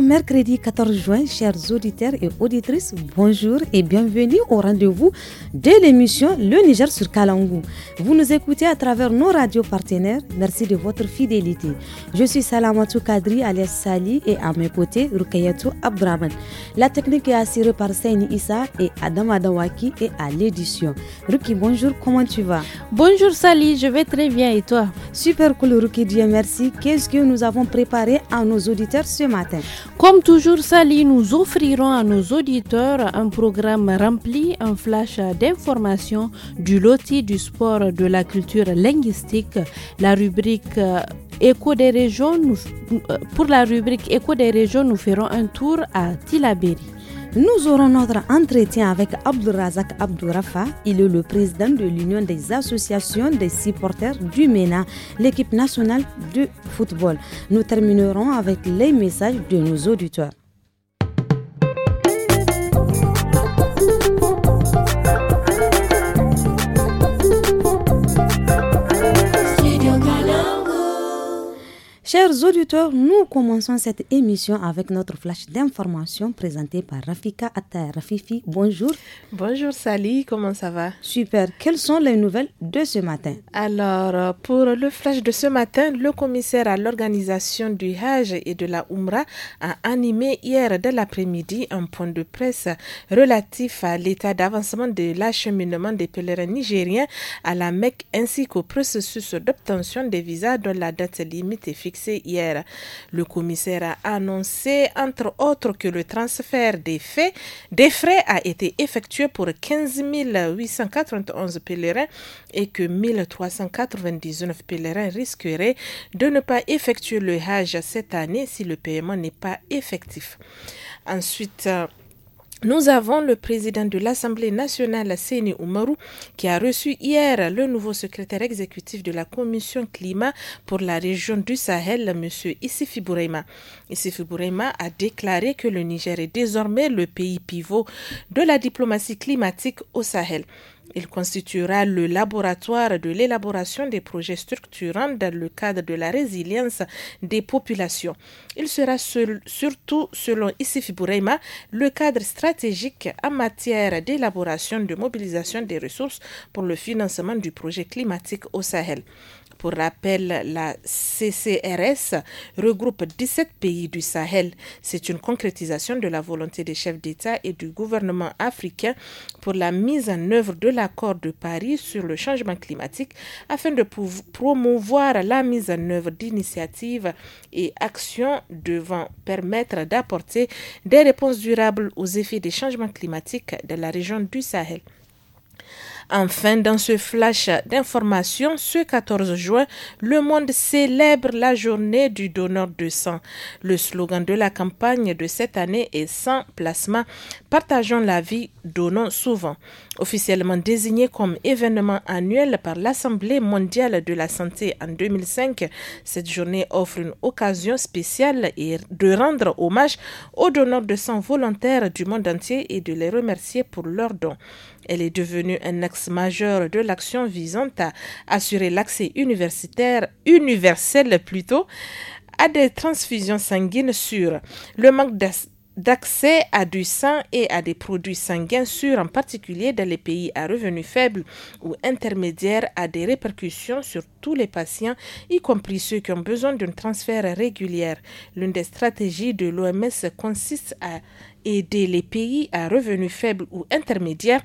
mercredi 14 juin, chers auditeurs et auditrices. Bonjour et bienvenue au rendez-vous de l'émission Le Niger sur Kalangou. Vous nous écoutez à travers nos radios partenaires. Merci de votre fidélité. Je suis Salamatou Kadri alias Sali et à mes côtés Rukayatou Abdraman. La technique est assurée par Saini Issa et Adam Adawaki et à l'édition. Ruki, bonjour, comment tu vas Bonjour Sali, je vais très bien et toi Super cool Ruki, Dieu merci. Qu'est-ce que nous avons préparé à nos auditeurs ce matin comme toujours, Sali, nous offrirons à nos auditeurs un programme rempli, un flash d'informations du loti du sport, de la culture linguistique, la rubrique euh, des euh, pour la rubrique Écho des régions, nous ferons un tour à Tilaberi. Nous aurons notre entretien avec Abdourazak Abdourafa. Il est le président de l'Union des associations des supporters du MENA, l'équipe nationale de football. Nous terminerons avec les messages de nos auditeurs. Chers auditeurs, nous commençons cette émission avec notre flash d'information présenté par Rafika Atta Rafifi. Bonjour. Bonjour Sally, comment ça va Super. Quelles sont les nouvelles de ce matin Alors, euh, pour le flash de ce matin, le commissaire à l'organisation du Hajj et de la Oumra a animé hier dès l'après-midi un point de presse relatif à l'état d'avancement de l'acheminement des pèlerins nigériens à la Mecque ainsi qu'au processus d'obtention des visas dont la date limite est fixée hier. Le commissaire a annoncé, entre autres, que le transfert des, faits, des frais a été effectué pour 15 891 pèlerins et que 1399 pèlerins risqueraient de ne pas effectuer le Hajj cette année si le paiement n'est pas effectif. Ensuite, nous avons le président de l'Assemblée nationale, Séné Oumarou, qui a reçu hier le nouveau secrétaire exécutif de la Commission climat pour la région du Sahel, M. Issifi Boureima. Issifi Bourema a déclaré que le Niger est désormais le pays pivot de la diplomatie climatique au Sahel. Il constituera le laboratoire de l'élaboration des projets structurants dans le cadre de la résilience des populations. Il sera surtout, selon Issif Boureima, le cadre stratégique en matière d'élaboration de mobilisation des ressources pour le financement du projet climatique au Sahel. Pour rappel, la CCRS regroupe 17 pays du Sahel. C'est une concrétisation de la volonté des chefs d'État et du gouvernement africain pour la mise en œuvre de l'accord de Paris sur le changement climatique afin de promouvoir la mise en œuvre d'initiatives et actions devant permettre d'apporter des réponses durables aux effets des changements climatiques de la région du Sahel. Enfin, dans ce flash d'information, ce 14 juin, le monde célèbre la journée du donneur de sang. Le slogan de la campagne de cette année est Sans plasma, partageons la vie, donnons souvent. Officiellement désigné comme événement annuel par l'Assemblée mondiale de la santé en 2005, cette journée offre une occasion spéciale de rendre hommage aux donneurs de sang volontaires du monde entier et de les remercier pour leurs dons. Elle est devenue un axe majeur de l'action visant à assurer l'accès universitaire, universel plutôt, à des transfusions sanguines sûres. Le manque d'accès à du sang et à des produits sanguins sûrs, en particulier dans les pays à revenus faibles ou intermédiaires, a des répercussions sur tous les patients, y compris ceux qui ont besoin d'un transfert régulière. L'une des stratégies de l'OMS consiste à aider les pays à revenus faibles ou intermédiaires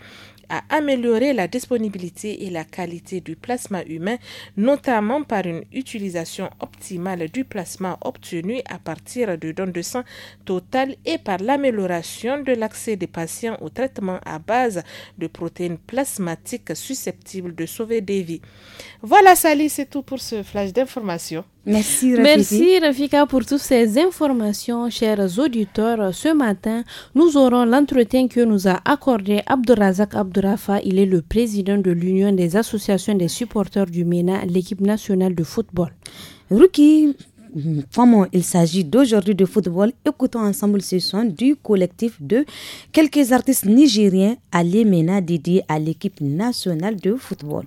à améliorer la disponibilité et la qualité du plasma humain, notamment par une utilisation optimale du plasma obtenu à partir de dons de sang total et par l'amélioration de l'accès des patients au traitement à base de protéines plasmatiques susceptibles de sauver des vies. Voilà Sally, c'est tout pour ce flash d'information. Merci Rafika. Merci Rafika pour toutes ces informations, chers auditeurs. Ce matin, nous aurons l'entretien que nous a accordé Abdurazak Abdur Rafa, il est le président de l'Union des associations des supporters du MENA, l'équipe nationale de football. Ruki, comment il s'agit d'aujourd'hui de football, écoutons ensemble ce son du collectif de quelques artistes nigériens à l'EMENA dédié à l'équipe nationale de football.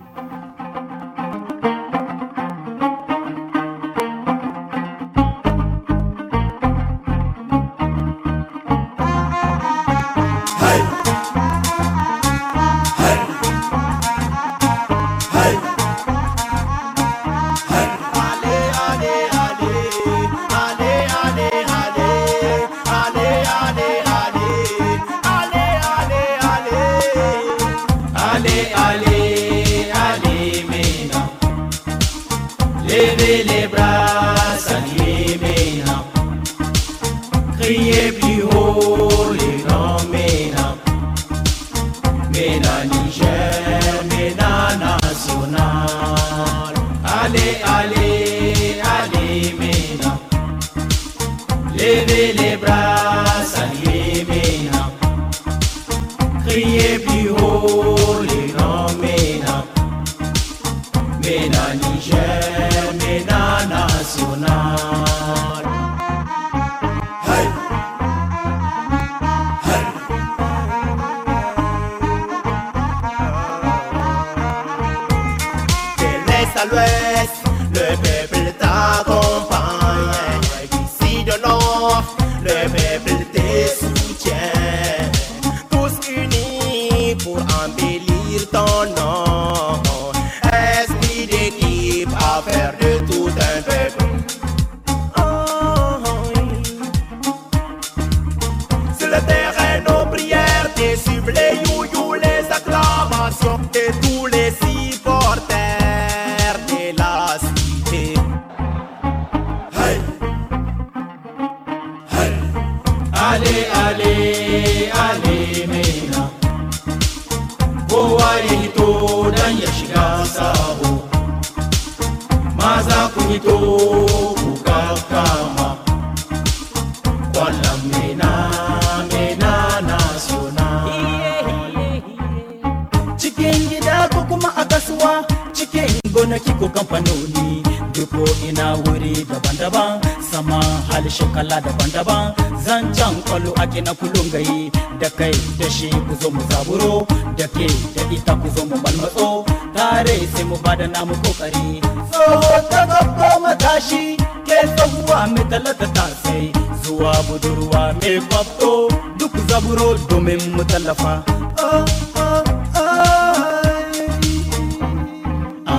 cikin gida ko kuma a kasuwa cikin gonaki ko kamfanoni duko ina wuri daban-daban sama halishin kala daban-daban zan zancen kwallo ake na kulun gayi da kai da shi ku zo mu zaburo da ke da ita ku zo mu balmatso tare sai mu bada namu kokari tsoho ta gaba matashi ke tsohuwa mai talata ta sai zuwa budurwa mai kwafto duk zaburo domin mu tallafa ah.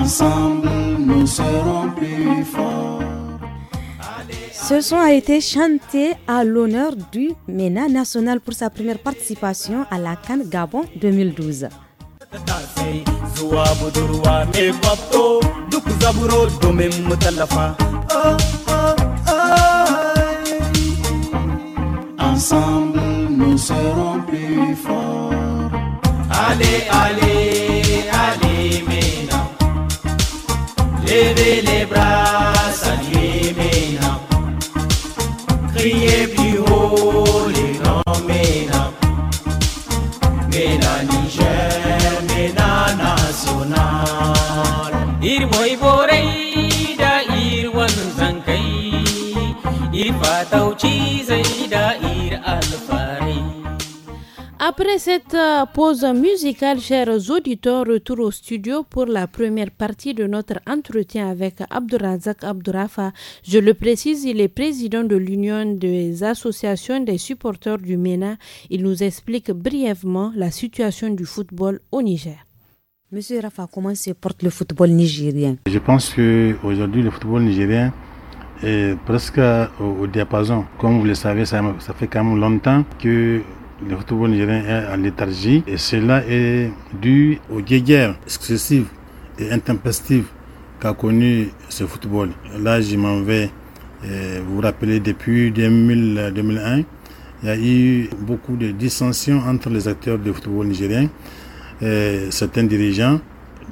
Ensemble, nous serons plus forts. Ce son a été chanté à l'honneur du MENA national pour sa première participation à la Cannes Gabon 2012. Ensemble, nous serons plus forts. Allez, allez. levez les bras, saluez maintenant. Criez plus haut les noms maintenant. Mena Niger, mena national. Irmoy Borei da Irwan Zankai, Irfa Tauchi Zaida. Après cette euh, pause musicale, chers auditeurs, retour au studio pour la première partie de notre entretien avec Abdurazak Abdurafa. Je le précise, il est président de l'Union des associations des supporters du MENA. Il nous explique brièvement la situation du football au Niger. Monsieur Rafa, comment se porte le football nigérien Je pense qu'aujourd'hui, le football nigérien est presque au, diapason. Comme vous le savez, ça fait quand même longtemps que le football nigérien est en léthargie et cela est dû aux guerres excessives et intempestives qu'a connu ce football. Là, je m'en vais. Euh, vous rappeler depuis 2001, euh, il y a eu beaucoup de dissensions entre les acteurs du football nigérien, et euh, certains dirigeants.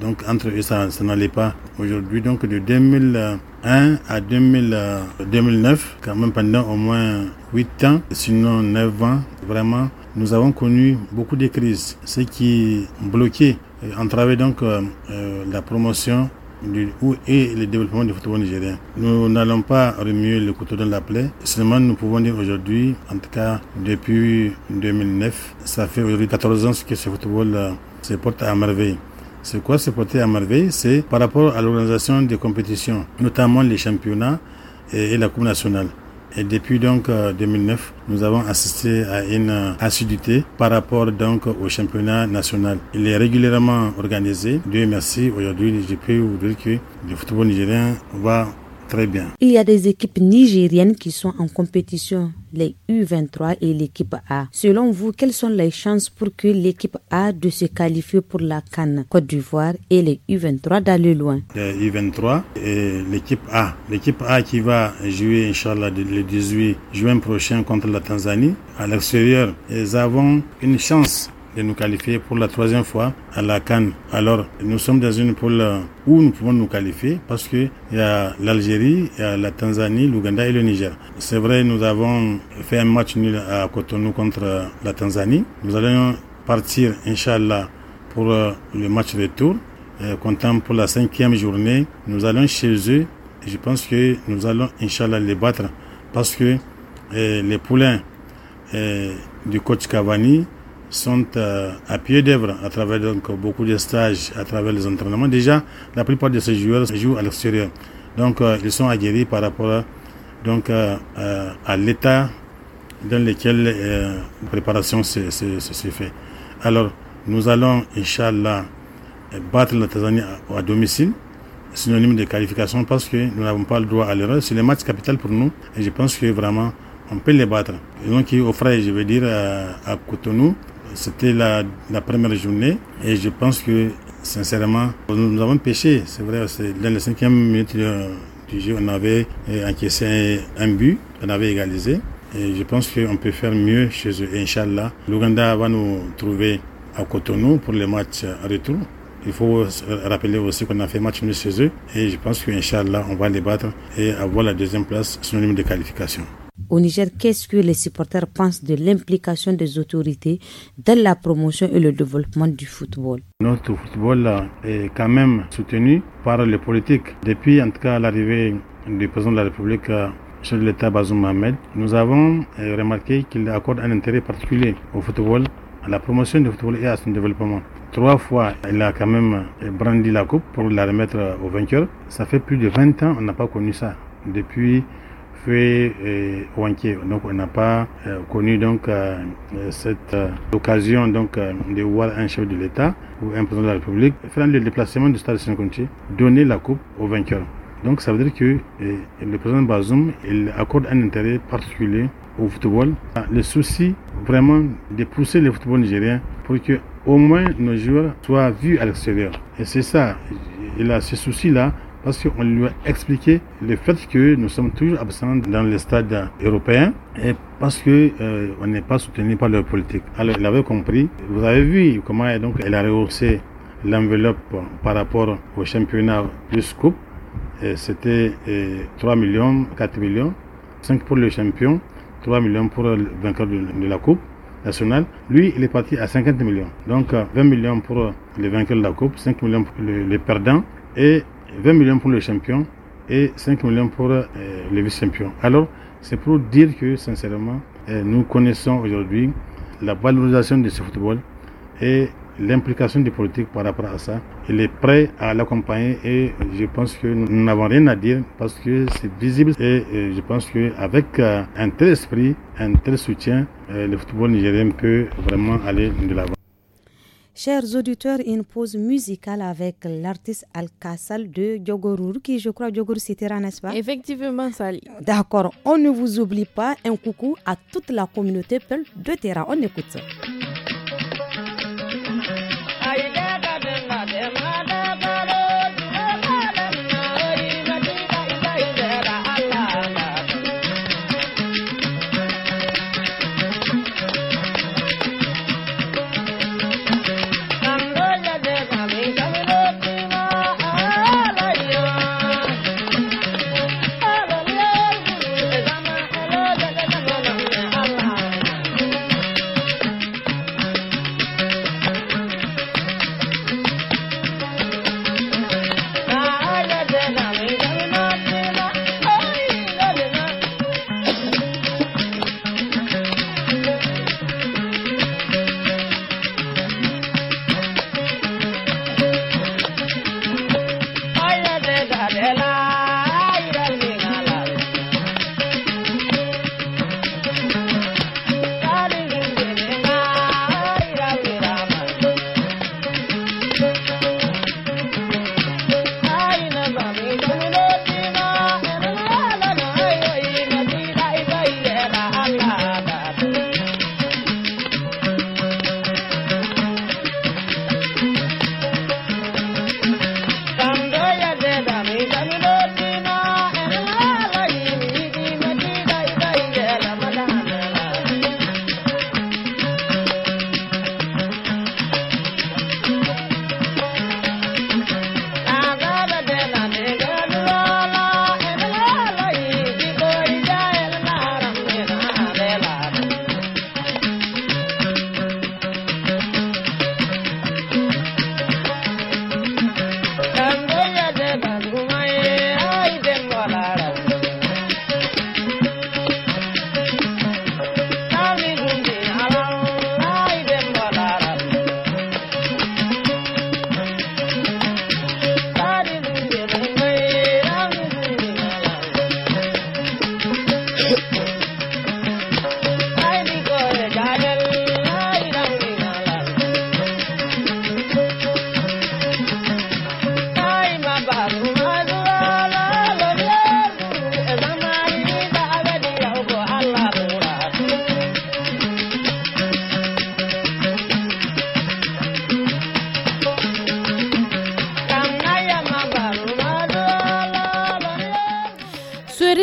Donc, entre eux, ça, n'allait pas. Aujourd'hui, donc, de 2001 à 2009, quand même pendant au moins 8 ans, sinon 9 ans, vraiment, nous avons connu beaucoup de crises, ce qui bloquait, entravait euh, donc euh, euh, la promotion du, et le développement du football nigérien. Nous n'allons pas remuer le couteau dans la plaie, seulement nous pouvons dire aujourd'hui, en tout cas depuis 2009, ça fait aujourd'hui 14 ans que ce football se porte à merveille. C'est quoi se porter à merveille C'est par rapport à l'organisation des compétitions, notamment les championnats et la Coupe nationale. Et depuis donc 2009, euh, nous avons assisté à une euh, assiduité par rapport donc au championnat national. Il est régulièrement organisé. Dieu merci, aujourd'hui, je peux vous dire que le football nigérien va Très bien. Il y a des équipes nigériennes qui sont en compétition, les U23 et l'équipe A. Selon vous, quelles sont les chances pour que l'équipe A de se qualifier pour la Cannes Côte d'Ivoire et les U23 d'aller loin Les U23 et l'équipe A. L'équipe A qui va jouer, Inch'Allah, le 18 juin prochain contre la Tanzanie. À l'extérieur, ils avons une chance et nous qualifier pour la troisième fois à la Cannes. Alors, nous sommes dans une poule euh, où nous pouvons nous qualifier parce que il y a l'Algérie, il y a la Tanzanie, l'Ouganda et le Niger. C'est vrai, nous avons fait un match nul à Cotonou contre euh, la Tanzanie. Nous allons partir, Inch'Allah, pour euh, le match retour. Comptant pour la cinquième journée, nous allons chez eux et je pense que nous allons, Inch'Allah, les battre parce que les poulains du coach Cavani sont euh, à pied d'œuvre à travers donc, beaucoup de stages, à travers les entraînements. Déjà, la plupart de ces joueurs jouent à l'extérieur. Donc, euh, ils sont aguerris par rapport donc, euh, à l'état dans lequel la préparation se, fait. Alors, nous allons, Inch'Allah, battre la Tanzanie à, domicile synonyme de qualification parce que nous n'avons pas le droit à l'erreur. C'est le match capital pour nous et je pense que vraiment on peut les battre. Et donc au frais, je veux dire, à Cotonou, c'était la, première journée et je pense que sincèrement, nous, avons pêché. C'est vrai, dans la cinquième minute du jeu, on avait euh, encaissé un but, on avait égalisé. Et je pense qu'on peut faire mieux chez eux, Inch'Allah. L'Ouganda va nous trouver à Cotonou pour les matchs à retour. Il faut rappeler aussi qu'on a fait match mieux chez eux. Et je pense qu'Inch'Allah, on va les battre et avoir la deuxième place sur synonyme de qualification. Au Niger, qu'est-ce que les supporters pensent de l'implication des autorités dans la promotion et le développement du football Notre football est quand même soutenu par les politiques. Depuis en tout cas l'arrivée du président de la République euh, chef de l'État Bazoum Mohamed, nous avons euh, remarqué qu'il accorde un intérêt particulier au football, à la promotion du football et à son développement. Trois fois, il a quand même euh, brandi la coupe pour la remettre au vainqueur. Ça fait plus de 20 ans, on n'a pas connu ça. Depuis et euh, Donc on n'a pas euh, connu donc euh, cette occasion donc de voir un chef de l'État ou un président de la République faire le déplacement du stade Saint-Conti, donner la coupe au vainqueur. Donc ça veut dire que le président Bazoum il accorde un intérêt particulier au football. Ah, le souci vraiment de pousser le football nigérien pour que au moins nos joueurs soient vus à l'extérieur. Et c'est ça, il a ce souci-là parce qu'on lui a expliqué le fait que nous sommes toujours absents dans les stades européens et parce que euh, on n'est pas soutenu par leur politique. Alors, il avait compris. Vous avez vu comment elle, donc, elle a rehaussé l'enveloppe par rapport au championnat plus coupe. C'était 3 euh, millions, 4 millions, 5 pour le champion, 3 millions pour le vainqueur de la coupe nationale. Lui, il est parti à 50 millions. Donc 20 euh, millions pour le vainqueur de la coupe, 5 millions pour les perdants perdant. 20 millions pour le champion et 5 millions pour euh, le vice-champion. Alors, c'est pour dire que, sincèrement, euh, nous connaissons aujourd'hui la valorisation de ce football et l'implication des politiques par rapport à ça. Il est prêt à l'accompagner et je pense que nous n'avons rien à dire parce que c'est visible et euh, je pense qu'avec un tel esprit, un tel soutien, le football nigérien peut vraiment aller de l'avant. Chers auditeurs, une pause musicale avec l'artiste Al-Kassal de Djogorour, qui je crois Djogorour citera, n'est-ce pas Effectivement, Sali. D'accord, on ne vous oublie pas. Un coucou à toute la communauté Peul de Terra. On écoute ça.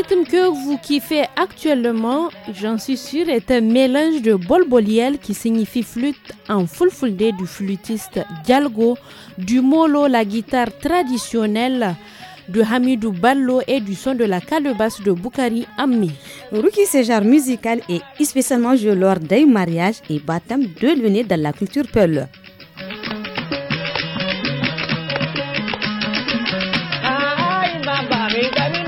que vous kiffez actuellement, j'en suis sûr, est un mélange de bolboliel qui signifie flûte en full fulfulde du flûtiste Dialgo, du molo, la guitare traditionnelle de Hamidou Ballo et du son de la calebasse de Boukari Ammi. Ruki genre musical et spécialement joué lors d'un mariage et baptême de l'unité dans la culture Peul. Ah, ah,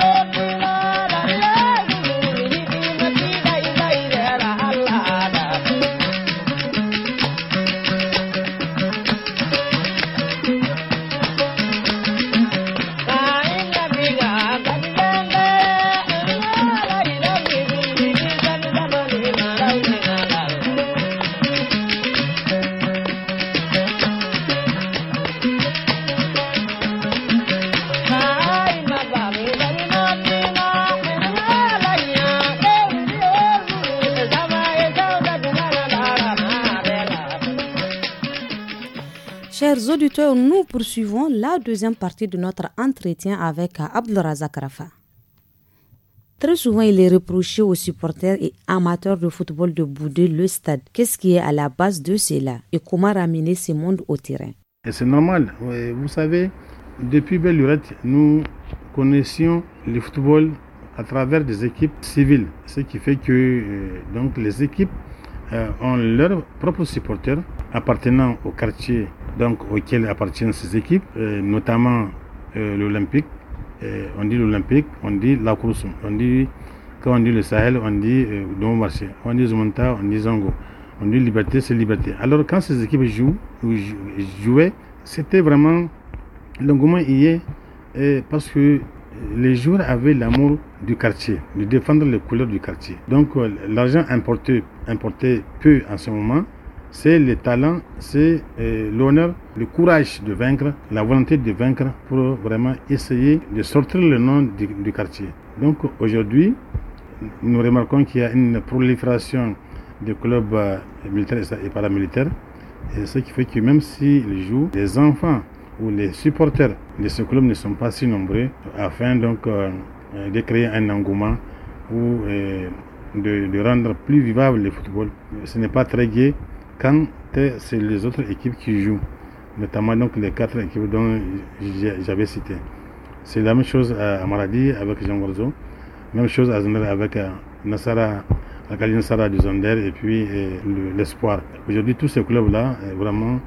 auditeurs, nous poursuivons la deuxième partie de notre entretien avec Abdelrazak Rafa. Très souvent, il est reproché aux supporters et amateurs de football de bouder le stade. Qu'est-ce qui est à la base de cela et comment ramener ce monde au terrain C'est normal. Vous savez, depuis belle nous connaissions le football à travers des équipes civiles, ce qui fait que euh, donc les équipes euh, ont leurs propres supporters appartenant au quartier donc auxquelles appartiennent ces équipes, euh, notamment euh, l'Olympique. Euh, on dit l'Olympique, on dit la course, on dit quand on dit le Sahel, on dit euh, on dit Zumonta, on dit Zango, on dit Liberté, c'est Liberté. Alors quand ces équipes jouent, jouaient, c'était vraiment l'engouement y est parce que les joueurs avaient l'amour du quartier, de défendre les couleurs du quartier. Donc l'argent importé, importé peu en ce moment c'est le talent, c'est euh, l'honneur, le courage de vaincre, la volonté de vaincre pour vraiment essayer de sortir le nom du, quartier. Donc aujourd'hui, nous remarquons qu'il y a une prolifération de clubs euh, militaires et paramilitaires, et ce qui fait que même s'ils jouent, les enfants ou les supporters de ce club ne sont pas si nombreux afin donc euh, de créer un engouement ou de, de rendre plus vivable le football. Ce n'est pas très gai quand c'est les autres équipes qui jouent, notamment donc les quatre équipes dont j'avais cité. C'est la même chose à Maradi avec Jean Gorzo, même chose à avec euh, Nassara, la galerie Nassara du Zander et puis l'Espoir. Aujourd'hui, tous ces clubs-là, euh, vraiment,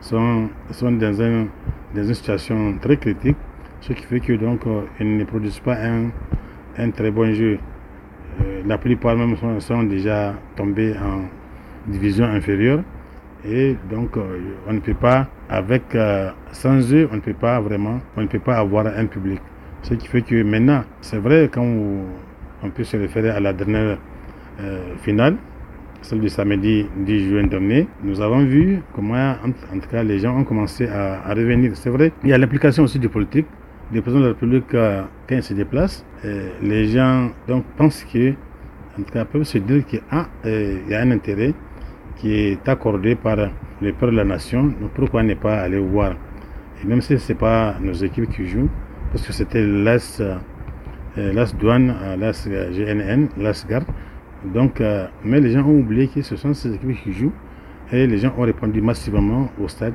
sont, sont dans, une situation très critique, ce qui fait que donc euh, ils ne produisent pas un, très bon jeu. La plupart même sont déjà tombés en division inférieure. Et donc, euh, on ne peut pas, avec, euh, sans eux, on ne peut pas vraiment, on ne peut pas avoir un public. Ce qui fait que maintenant, c'est vrai, quand on peut se référer à la dernière euh, finale, celle du samedi 10 juin dernier, nous avons vu comment, en, tout cas, les gens ont commencé à, revenir. C'est vrai, il y a l'implication aussi du politique, des présidents de la République quand ils se déplacent. les gens donc pensent que, en tout cas, peuvent se dire qu'il ah, y a un intérêt qui est accordé par les père de la nation, pourquoi ne pas aller voir Et même si ce n'est pas nos équipes qui jouent, parce que c'était l'AS, euh, douane, euh, l'AS euh, GNN, l'AS garde. Donc, mais les gens ont oublié que ce sont ces équipes qui jouent et les gens ont répondu massivement au stade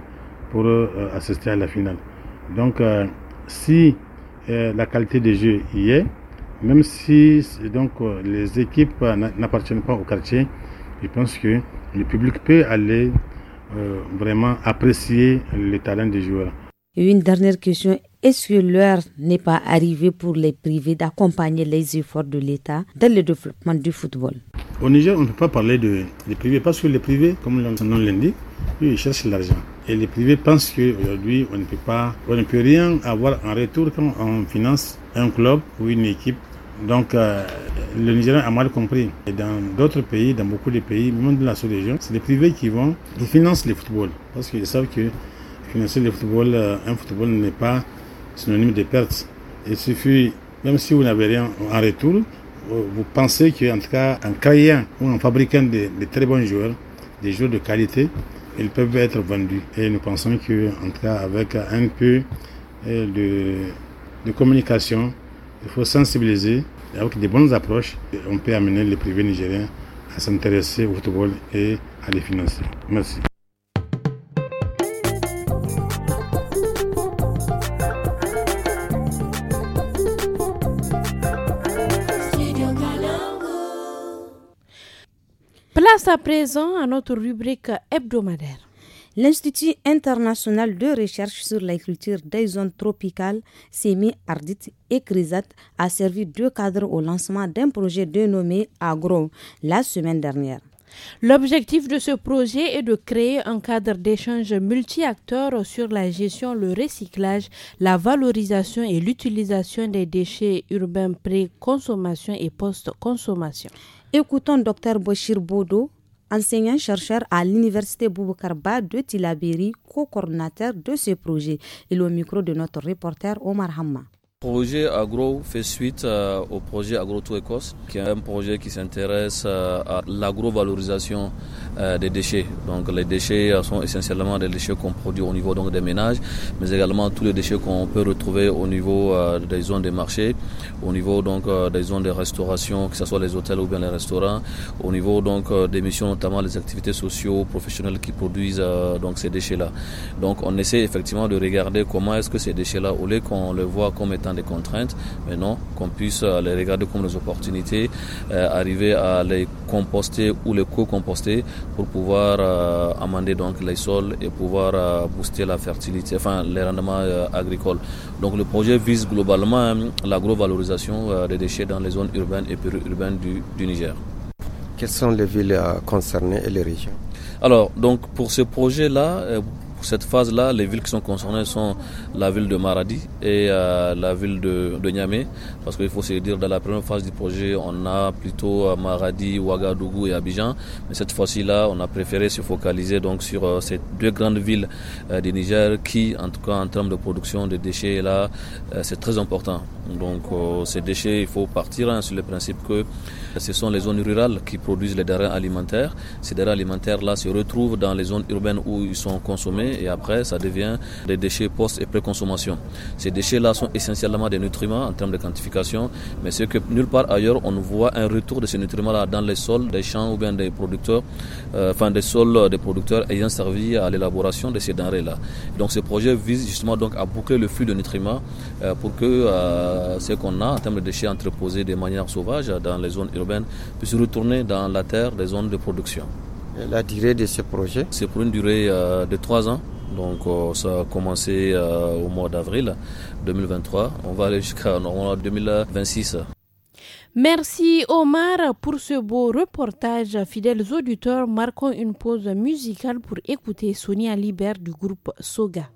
pour assister à la finale. Donc, si la qualité des jeux y est, même si donc, les équipes n'appartiennent pas au quartier, je pense que le public peut aller euh, vraiment apprécier le talent des joueurs. une dernière question, est-ce que l'heure n'est pas arrivée pour les privés d'accompagner les efforts de l'État dans le développement du football Au Niger, on ne peut pas parler de, des privés parce que les privés, comme l'on l'indique, ils cherchent l'argent. Et les privés pensent qu'aujourd'hui, on ne peut pas, on ne peut rien avoir en retour quand on finance un club ou une équipe donc, euh, le Nigerien a mal compris. Et dans d'autres pays, dans beaucoup de pays, même de la sous-région, c'est les privés qui vont, qui financent le football. Parce qu'ils savent que financer le football, euh, un football n'est pas synonyme de perte. Il suffit, même si vous n'avez rien en retour, vous pensez qu'en tout cas, en créant ou en fabriquant des, très bons joueurs, des joueurs de qualité, ils peuvent être vendus. Et nous pensons qu'en tout cas, avec un peu euh, de communication, il faut sensibiliser avec des bonnes approches, on peut amener les privés nigériens à s'intéresser au football et à les financer. Merci. Place à présent à notre rubrique hebdomadaire. L'Institut international de recherche sur l'agriculture des zones tropicales, Semi ardites et chrysates a servi de cadre au lancement d'un projet dénommé Agro la semaine dernière. L'objectif de ce projet est de créer un cadre d'échange multi-acteurs sur la gestion, le recyclage, la valorisation et l'utilisation des déchets urbains pré-consommation et post-consommation. Écoutons Dr Boshir Bodo, enseignant-chercheur à l'université Bouboukarba de tilabiri, co-coordinateur de ce projet. Et le micro de notre reporter Omar Hamma. Le projet agro fait suite euh, au projet agro tout qui est un projet qui s'intéresse euh, à l'agrovalorisation euh, des déchets donc les déchets sont essentiellement des déchets qu'on produit au niveau donc des ménages mais également tous les déchets qu'on peut retrouver au niveau des zones des marchés au niveau donc des zones de restauration que ce soit les hôtels ou bien les restaurants au niveau donc des missions notamment les activités sociaux professionnelles qui produisent donc ces déchets là donc on essaie effectivement de regarder comment est-ce que ces déchets là au lieu qu'on les voit comme étant des contraintes, mais non, qu'on puisse euh, les regarder comme des opportunités, euh, arriver à les composter ou les co-composter pour pouvoir euh, amender donc les sols et pouvoir booster la fertilité, enfin les rendements agricoles. Donc le projet vise globalement la valorisation des déchets dans les zones urbaines et périurbaines du, du Niger. Quelles sont les villes concernées et les régions alors, donc pour ce projet-là, cette phase-là, les villes qui sont concernées sont la ville de Maradi et euh, la ville de, Niamey. Parce qu'il faut se dire, dans la première phase du projet, on a plutôt euh, Maradi, Ouagadougou et Abidjan. Mais cette fois-ci-là, on a préféré se focaliser donc sur euh, ces deux grandes villes du Niger qui, en tout cas en termes de production de déchets, là, c'est très important. Donc ces déchets, il faut partir hein, sur le principe que ce sont les zones rurales qui produisent les denrées alimentaires. Ces denrées alimentaires-là se retrouvent dans les zones urbaines où ils sont consommés et après ça devient des déchets post et pré-consommation. Ces déchets-là sont essentiellement des nutriments en termes de quantification, mais c'est que nulle part ailleurs on voit un retour de ces nutriments-là dans les sols des champs ou bien des producteurs, euh, enfin des sols des producteurs ayant servi à l'élaboration de ces denrées-là. Donc ce projet vise justement donc à boucler le flux de nutriments euh, pour que euh, ce qu'on a en termes de déchets entreposés de manière sauvage dans les zones urbaines puisse retourner dans la terre des zones de production. Euh, la durée de ce projet C'est pour une durée euh, de trois ans. Donc euh, ça a commencé au mois d'avril 2023. On va aller jusqu'à 2026. Merci Omar pour ce beau reportage. Fidèles auditeurs, marquons une pause musicale pour écouter Sonia Libert du groupe Soga.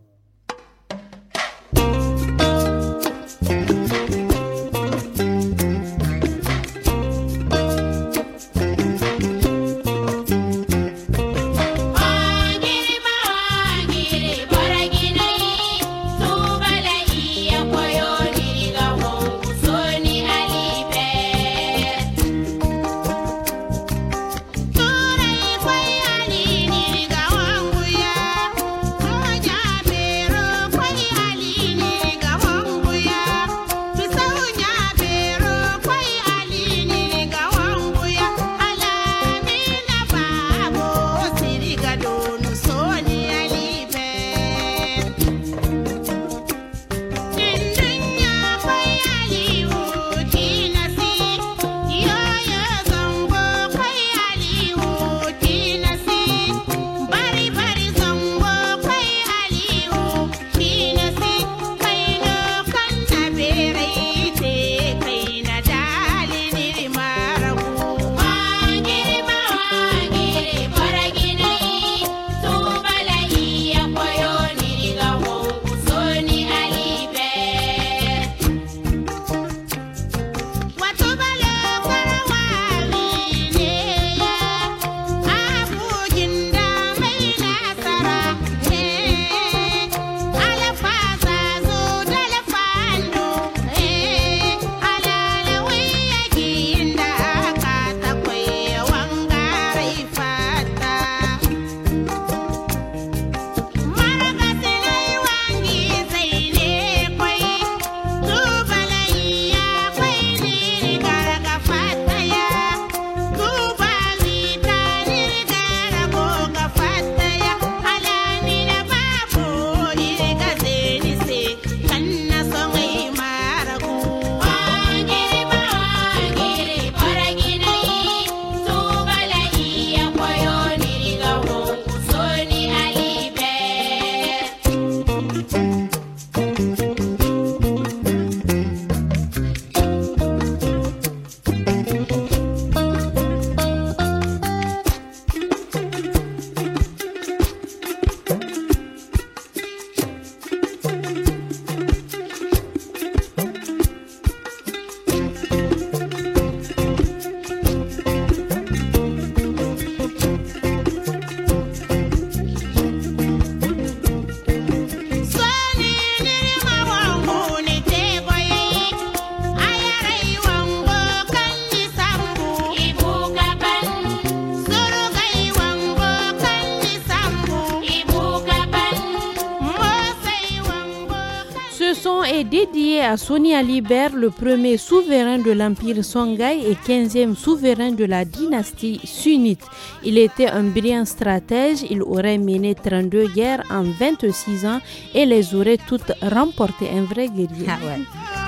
Dédié à Sonia Liber, le premier souverain de l'Empire Songhai et 15e souverain de la dynastie sunnite. Il était un brillant stratège, il aurait mené 32 guerres en 26 ans et les aurait toutes remportées. Un vrai guerrier. Ah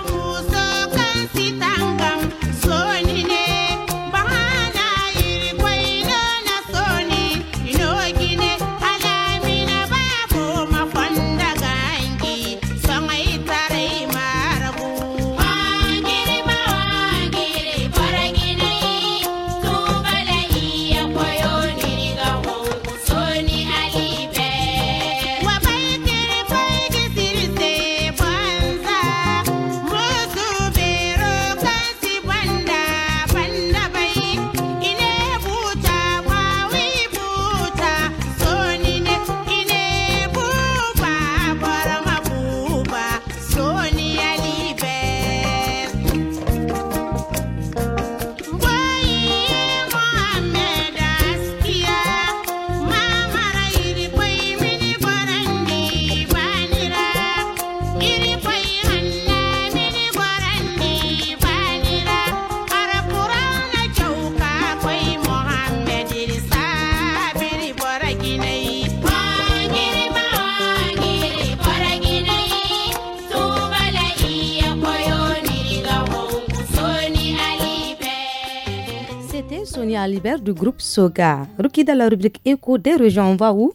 du groupe Soga. Ruki dans la rubrique Éco des régions, on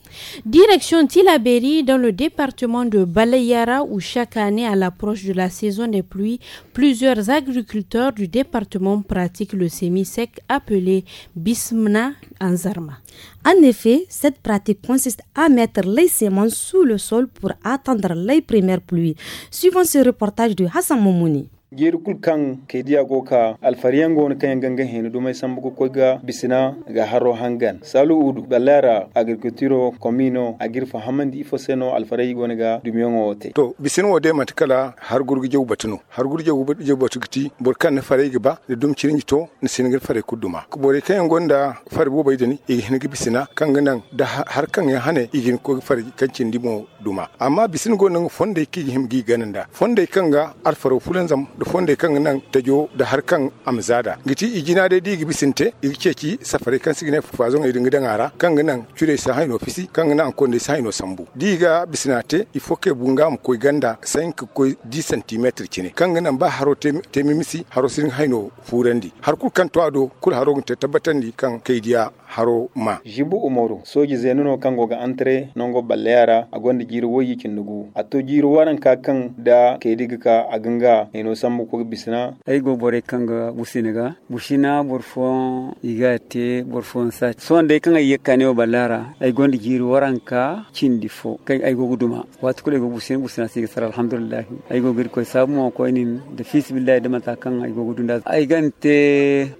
Direction Tilaberi dans le département de Balayara où chaque année à l'approche de la saison des pluies, plusieurs agriculteurs du département pratiquent le semi-sec appelé Bismna Anzarma. En effet, cette pratique consiste à mettre les semences sous le sol pour attendre les premières pluies, suivant ce reportage de Hassan Momouni. yeru kul kaŋ kaydiya go ka alfariyango ni kaŋ ganga hene dumay sambu ko ga bisina ga haro hangan salu udu balara agriculturo komino agir fahamandi ifo seno alfaray go ga dumiyongo wote to bisin wode matkala har gurgi jew batuno har gurgi jew batu jew batu kiti bor kan na faray ga ba da dum cirin to ni sinigir faray kuduma ko bore kayan gonda fari bo baydani igin ga bisina kan ganan da har kan ya hane igin ko faray kan cin dimo duma amma bisin go nan fonda kigi him gi gananda fonda kan ga alfaro fulan zam da fonde kan nan ta jo da har kan amzada giti igina da digi bisinte igike ki safari kan sigine fazon idin gidan ara kan nan cure sa haino fisi kan nan konde sa haino sambu diga bisinate ifoke bunga mu koy ganda 5 koy 10 cm kine kan nan ba haro temimisi haro sirin haino furandi har kul kan to ado kul haro ta tabbatandi kan kaidiya haro ma jibu umaru soji zenuno kan ga antre nongo balleara agonde jiru woyi kindugu ato jiru waran ka kan da kaidiga ka aganga ino sam sambu ko bisina ay go bore kanga businega busina borfon igate borfon sa sonde kanga yekane o balara ay gondi jiru waranka cindi fo kay ay go guduma wat le go busina busina sig sar alhamdulillah ay go gir ko sabu ko enin de fils billahi de mata kanga ay go gudunda ay gante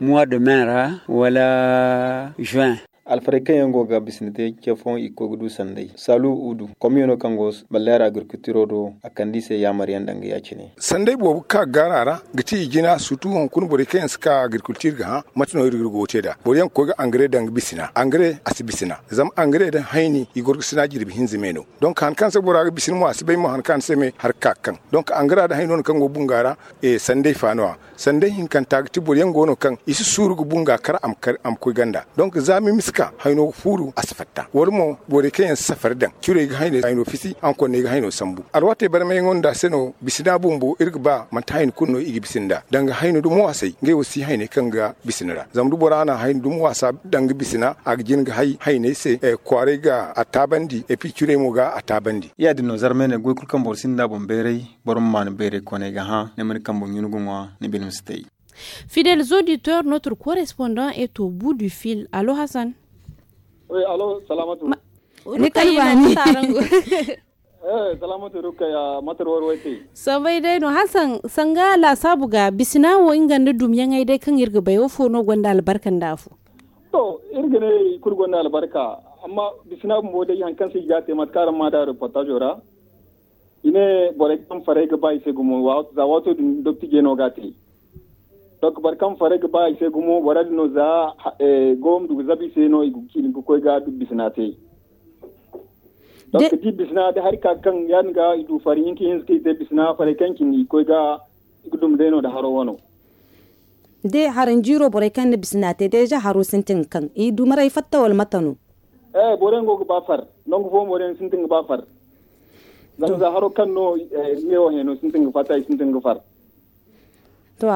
mois de mai wala juin alfarikayen goga bisinite ke fon iko gudu sandai salu udu komiono kango balera agriculture do ya se yamariyan dangi yacine sandai bo ka garara giti igina sutu hon kun bore ken ska agriculture ga matino irgir gote da boriyan ko ga angre dang bisina angre asi bisina zam angre da haini igor sina jirbi hinzi meno don kan se boraga bisin mo asibai mo han kan se me har kakkan donc angra da haino go bungara e sandai fanoa sandai kan tagti boriyan gono kan isi surugo bunga kar am kar am ko ganda donc zami kika haino furu asfatta wormo bore kayen safardan cure ga haino haino fisi an ko ne ga haino sambu arwate bar seno bisina bumbu irgba mantain kunno igi bisinda danga haino dum wasai ngai wasi haine kanga bisinara zamdu borana haino dum wasa danga bisina agjin ga hay haine se e kware ga atabandi e picure mo ga atabandi ya no zarmene go bor sinda bombere borom man bere kone ga ha ne men kambo nyunugo ngwa ne Fidèles auditeurs, notre correspondant est au bout du fil. Allô Hassan Eh, alo salamatu ni kalbani salamatu eh, rukaya matar warwaiti sabai dai no hasan sanga la sabu ga bisina wo inganda dumyan ai dai kan irga bayo fono gonda albarkan dafu to irga ne kur gonda albarka amma bisina mo dai hankan sai gate matkaran ma da reportage ora ine bore kan fare ga bai sai gumo wa za wato dum dokti geno gate donc barkan ga ba ise gumo warad no za gom du zabi se no ikin ko ga du te donc di bisna da har ka kan yan ga du farin ki hin ski te bisna fare kan kin ko ga gudum de no da haro wono de harin jiro bore kan te de ja haro sintin kan i du marai fatta wal matanu eh boren go ba far non go mo ren sintin ba far dan za haro kan no eh, he no sintin fatta sintin far to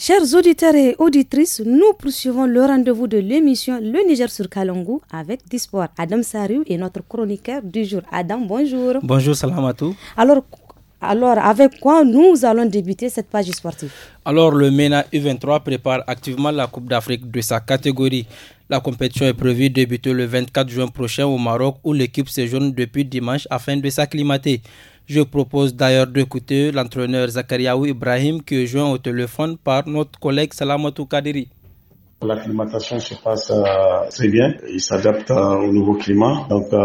Chers auditeurs et auditrices, nous poursuivons le rendez-vous de l'émission Le Niger sur Kalangou avec Disport. Adam Sariou et notre chroniqueur du jour. Adam, bonjour. Bonjour, salam à tous. Alors, alors, avec quoi nous allons débuter cette page sportive Alors, le MENA U23 prépare activement la Coupe d'Afrique de sa catégorie. La compétition est prévue débuter le 24 juin prochain au Maroc où l'équipe séjourne depuis dimanche afin de s'acclimater. Je propose d'ailleurs d'écouter l'entraîneur Zakariaou Ibrahim qui est joint au téléphone par notre collègue Salamatou Kadiri. L'acclimatation se passe euh, très bien. il s'adapte euh, au nouveau climat. Donc, euh,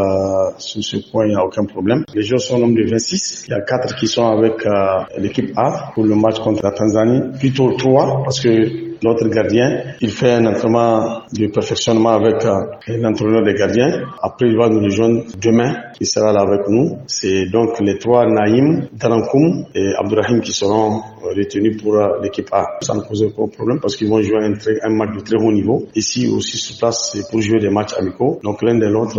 sur ce point, il n'y a aucun problème. Les joueurs sont au nombre de 26. Il y a 4 qui sont avec l'équipe A pour le match contre la Tanzanie. Plutôt 3 parce que notre gardien, il fait un entraînement de perfectionnement avec l'entraîneur euh, des gardiens. Après, il va nous rejoindre demain. Il sera là avec nous. C'est donc les trois Naïm, Darankoum et Abdurrahim qui seront euh, retenus pour euh, l'équipe A. Ça ne pose aucun problème parce qu'ils vont jouer un, match de très haut niveau. Ici aussi sur place, c'est pour jouer des matchs amicaux. Donc l'un de l'autre,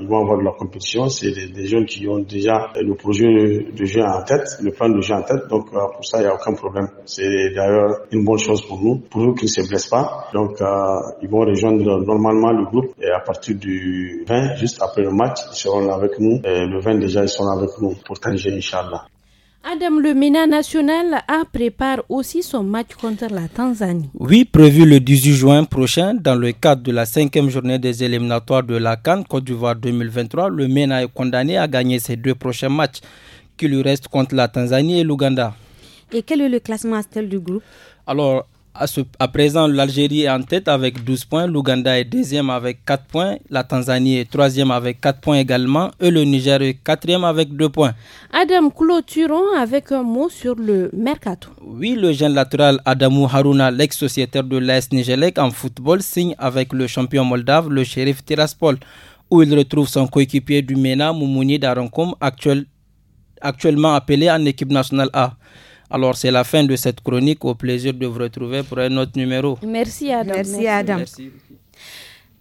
ils vont avoir de la compétition. C'est des, jeunes qui ont déjà le projet de jeu en tête, le plan de jeu en tête. Donc pour ça, il n'y a aucun problème. C'est d'ailleurs une bonne chose pour nous qui ne se blessent pas. Donc, euh, ils vont rejoindre normalement le groupe et à partir du 20, juste après le match, ils seront avec nous. Et le 20 déjà, ils sont avec nous pour Tanger, Inch'Allah. Adam, le MENA national A préparé aussi son match contre la Tanzanie. Oui, prévu le 18 juin prochain, dans le cadre de la cinquième journée des éliminatoires de la Cannes Côte d'Ivoire 2023, le MENA est condamné à gagner ses deux prochains matchs qui lui restent contre la Tanzanie et l'Ouganda. Et quel est le classement actuel du groupe Alors, à, présent, l'Algérie est en tête avec 12 points, l'Ouganda est deuxième avec 4 points, la Tanzanie est troisième avec 4 points également et le Niger est quatrième avec 2 points. Adam, clôturons avec un mot sur le mercato. Oui, le jeune latéral Adamou Haruna, l'ex-sociétaire de l'AS Nigelec en football, signe avec le champion moldave, le shérif Tiraspol, où il retrouve son coéquipier du MENA, Moumouni Daronkom, actuellement appelé en équipe nationale A. Alors, c'est la fin de cette chronique. Au plaisir de vous retrouver pour un autre numéro. Merci, Adam. Merci, Adam.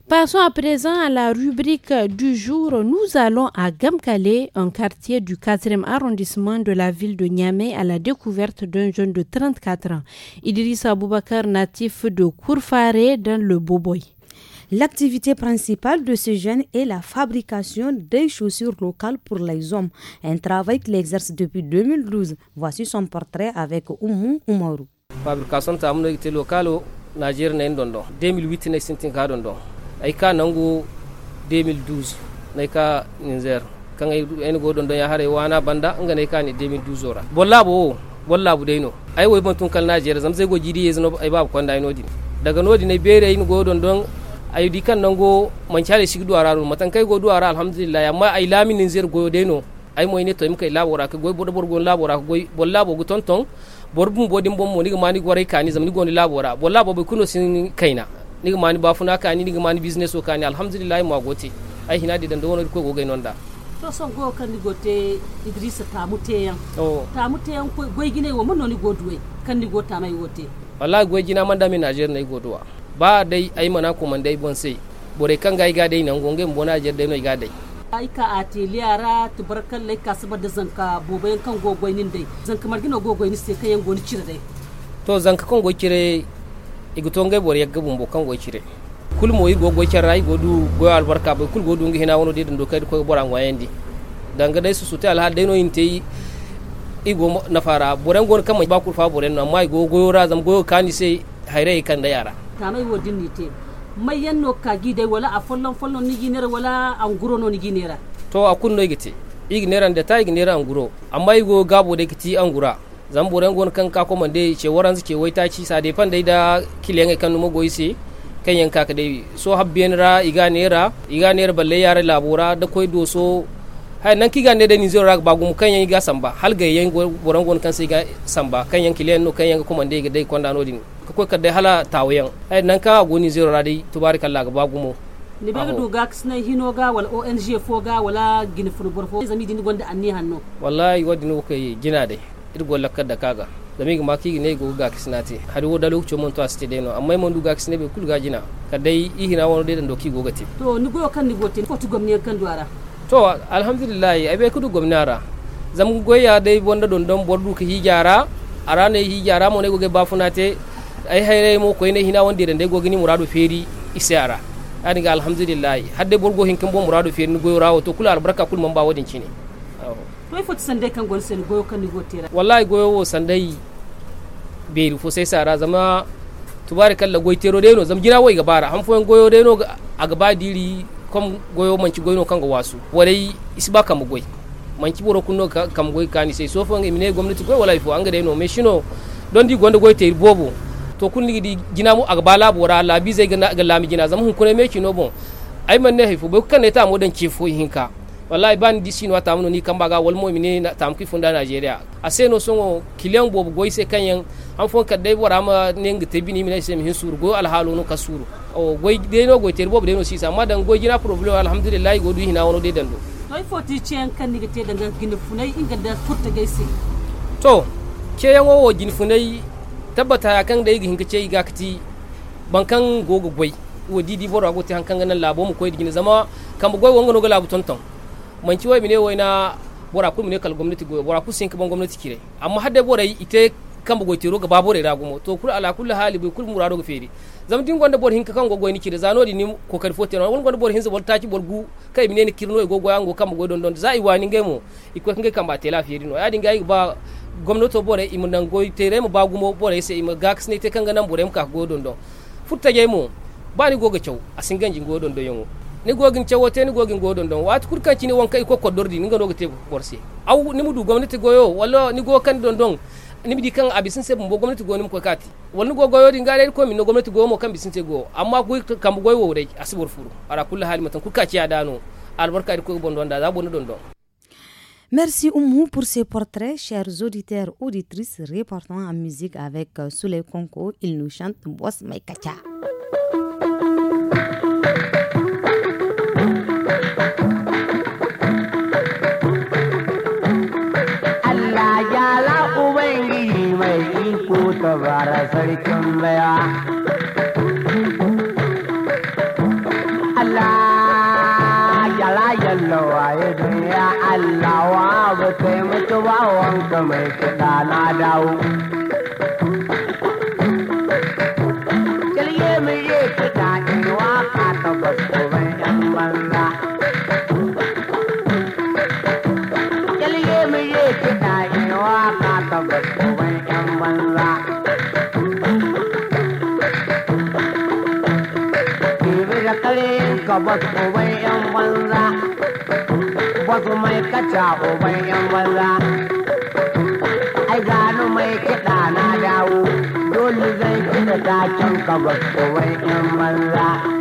Passons à présent à la rubrique du jour. Nous allons à Gamkale, un quartier du 4e arrondissement de la ville de Niamey, à la découverte d'un jeune de 34 ans, Idriss Aboubakar, natif de Kourfaré, dans le Boboy. L'activité principale de ces jeunes est la fabrication des chaussures locales pour les hommes, un travail qu'il exerce depuis 2012. Voici son portrait avec Oumou Oumaru. Fabrication de locale Niger na 2008 na sintin ka dondo ay 2012, nangu 2012 na ka Niger en ya hare wana banda nga ka ni 2012 ora bolla bo bu deno ay way ban tun kal Niger zam zai a jidi yezno ay kwanda daga nodi ne bere godon ayudi kan nango manchale sig duwararu matan kai go duwara alhamdulillah amma ay laminin zer go deno ay moyne to imkay labora ka goy bodo borgo labora ka go bol labo go tonton borbum dim bom mo niga mani gore kani zamni go ni labora bol labo be kuno sin kaina niga mani bafuna kani niga mani business o kani alhamdulillah mo goti ay hina de dando wono ko go gay nonda to son go kan ni gote idrissa tamu teyan tamu teyan ko goy gine wo mun noni goduwe kan ni go tamay wote wallahi goy gina manda mi najer nay duwa. ba dai ai mana ko man dai bon sai bore kan ga ga dai nan gonge mbona je dai no ga dai ai ka liara liyara barkan lai ka sabar da zanka bobayen kan nin dai zanka margina gogoyni sai kayan goni cire dai to zanka kan go cire igutonge bore yagga bumbo kan go cire kul moyi irgo go cerra go du go albarka bo kul go du ngi hina wono de do kay ko bora ngoyendi danga dai susuta alhal dai no inte igo na fara boren gon kan ba kul fa boren amma go go ra zam go kani sai haire kan da yara tanai wodin ni te mai yanno ka gide wala a follon follon ni ginera wala an guro no ni ginera to a kunno igiti igneran da ta ignera an guro amma igo gabo da kiti an gura zan boren gon kan ka kuma dai ce waran suke ke wai ta ci sa dai fan dai da kiliyan e kan numo goyi se kan yanka ka dai so habbiyan ra iga nera iga balle yare labora da koi doso hay nan ki ne da ni zero rak bagum kan yan iga samba hal ga yan boren gon kan sai ga samba kan yan kiliyan no kan yan kuma dai ga dai konda no din ko ka dai hala tawayan ai nan ka goni zero radi dai tubarikallah ga bagumo ne bega do ga kisna hino ga wala ong fo ga wala gin bor fo zami din gonda anni hanno wallahi wadi no kay gina dai irgo lakkar da kaga zami ma ki ne go ga kisna ti hadu da lokcho mon to asti dai no amma mon du ga kisne be kul ga gina i hina wono dai dan doki go gate to ni go kan ni go te ko tu gomni kan duara to alhamdulillah ai be ku kudu gomnara zam go ya dai bonda don don bordu ka hijara arane hijara mo ne go ge bafunate ay hayre mo koyne hina wonde den dey gini muradu feri isara ani ga alhamdulillah hadde borgo hin kambo muradu feri go rawo to kula albaraka kul mamba ba wadin cine to ifo sande kan gon sen goyo kan go tera wallahi goyo wo sandai beru fo sai sara zama tubarakallah goytero deno zam jira wo gabara han foyen goyo deno a gaba diri kom goyo manci goyno kan ga wasu wadai isba kam goy manci boro kunno kam goy kani sai sofon emine gwamnati goy wallahi fo an ga deno me shino don di gonda goyte bobo to kun ligi gina mu agba labora labi zai gana ga lami gina zamu kun me ki no bon ai man ne haifu bai kan ne ta modan ke fo hinka wallahi ban di sinwa ta mun ni kan baga wal mu'min na ta mki da Nigeria a sai no songo kilen bobu goy sai kan yan an fon kadai bora ma ne ngi te bini mina sai mi hinsur go halu no kasuru o goy de no goy ter bobu de no sisa madan goy gina problem alhamdulillah go du hina wono de dando noy foti cien kan ni te danga gina funai inga da futta gaisi to ke yan wo gin funai tabbata kan da yigi yi ga kati bankan gogo gwai wa didi boro agoti hankan ganin labo mu koyi digini zama kan bugwai wanga noga labu tonton manci wai mine na bora ku mine kal gwamnati go bora ku sin ban gwamnati kire amma hadda bora ite kan bugwai tero ga babore ra gumo to kul ala kulli hali bai kul murado ga fere zama din gwanda bor hinka kan gogo ni kire zano di ni ko kal fote wani gwanda bor hinza bor taci bor gu kai mine ni kirno e gogo yango kan bugwai don don za i wani ngemo iko kan ga kan ba tela feri no ya dinga ba gomnato bore imu nan goy tere mu bagumo bore se imu ga kasne te kanga nan bore mu ka godon don futta ge mu ba ni goga cew asin ganji godon don yongo ni gogin cewo te ni gogin godon don wat kurkan cini wanka iko kodordi ni ganoga te borse au ni mudu gwamnati goyo wala ni go kan don don ni bi kan abisin se bo gwamnati go mu ko kati wallo ni go goyo di ngare ko min gwamnati go mo kan bisin se go amma go kam goyo wore asibor furu ara kullu hal matan kurka ci adano albarka ko bon don da za bon don don Merci Oumou pour ces portraits, chers auditeurs, auditrices, reportant en musique avec euh, Soleil Konko. Il nous chante Boss Maikacha. Allah wa ba kai mutu ba wanka mai kiɗa na dawo. Kilge mu je kiɗa in waka ta basu banza. ta basu banza. da kare ka basu banza. wasu mai kaca uban yan banza ai gano mai kiɗa na dawo dole zai kiɗa takin gabas uban yan banza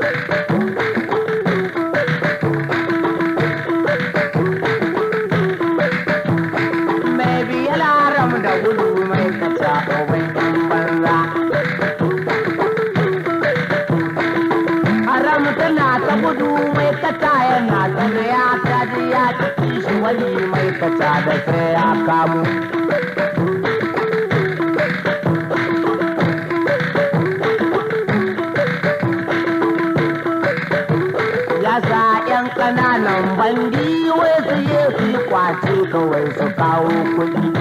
da sai ya kamu yasa yan ƙananan bandi wai su yi su yi kwace kawai su kawo kuɗi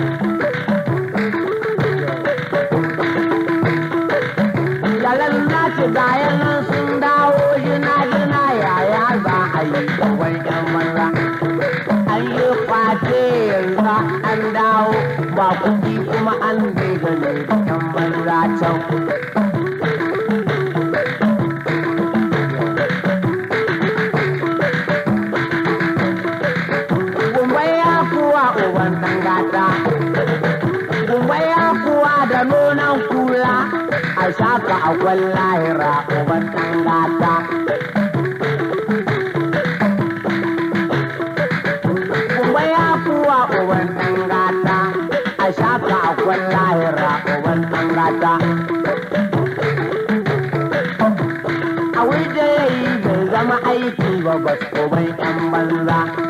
agon lahira uban ɗan gata. ya kuwa uban ɗan a shafa agon lahira uban ɗan A wuri da yayi bai zama aiki ba ba uban 'yan banza.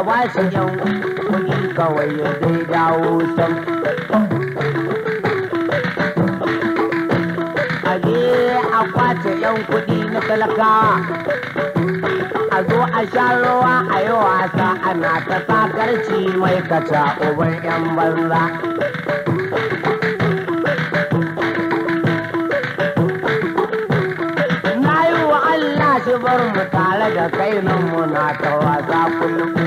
Ka ba shi yan kuɗi kawai ya zai dawo can. Aje a kwace yan kuɗi na talakawa. A zo a sha ruwa a yi wasa ana ta sakarci mai kaca uban yan banza. Na yi wa Allah shi bar mu tare da kai nan muna ta wasa kullum.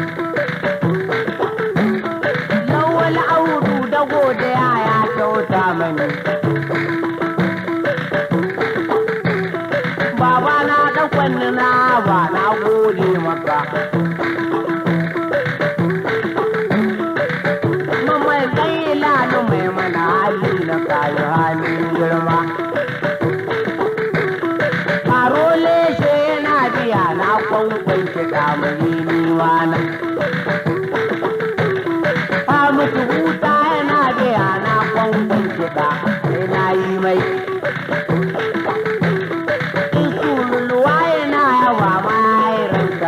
gode maka mamai kai mana hali na kayi